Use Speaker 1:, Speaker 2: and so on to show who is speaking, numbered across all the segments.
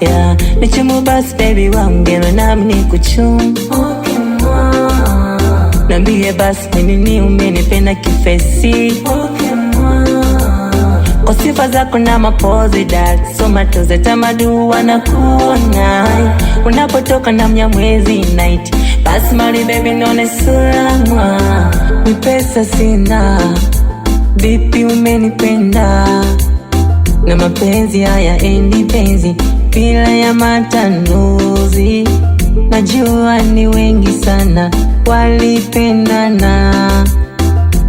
Speaker 1: yeah. Ni chumu basi baby namni na Nambie basi nini umenipenda kifesi kwa sifa zako na mapozi dak soma toze tamadu unapotoka na mnyamwezi nit basi mari bebi none sura ni pesa sina vipi umenipenda na mapenzi haya endi eh, penzi bila ya matanuzi, najua ni wengi sana walipendana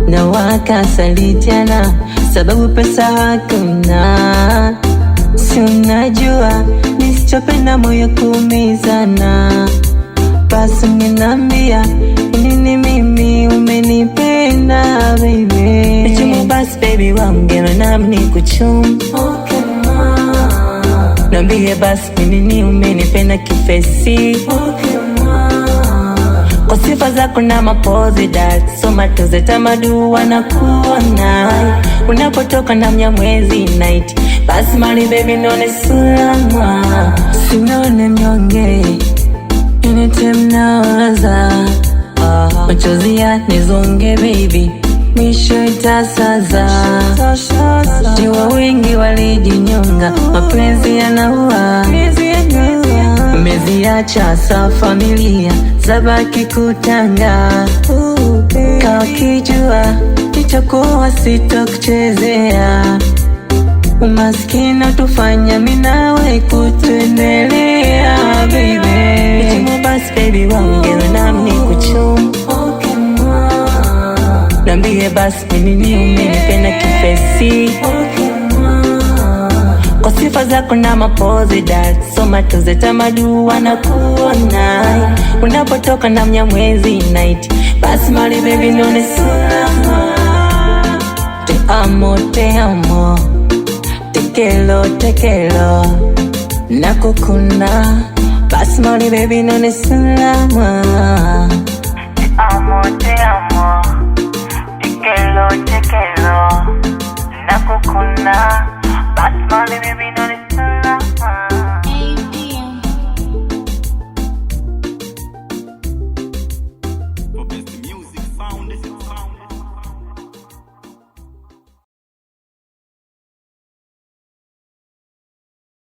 Speaker 1: na wakasalitiana, sababu pesa hakuna. Si unajua nisichopenda moyo kuumizana, basi unaniambia nini mimi umenipenda
Speaker 2: baby, wangu namni kuchum
Speaker 1: niambie basi ni nini umenipenda kifesi kwa sifa zako na mapozi dat so matoze tamadu unapotoka na mnyamwezi night basi mali baby nione salama sinaone mnyonge initemnaza ah, machozi yanizonge baby Misho itasaza, jiwa wengi walijinyonga, mapenzi yanaua, meziacha sa familia zabaki kutanga, kakijua ichakuwa sitokuchezea, umaskini utufanya minawe kutuendelea Nambie basi ni nini umenipenda kifesi? Kwa sifa zako na mapozi dad, soma tuze tamadu wanakuona unapotoka na mnyamwezi night, basi mali baby nione sana. Te amo, te amo, tekelo, tekelo nakukuna, basi mali baby nione salama.
Speaker 2: Te amo, te amo. I'm smiling every night.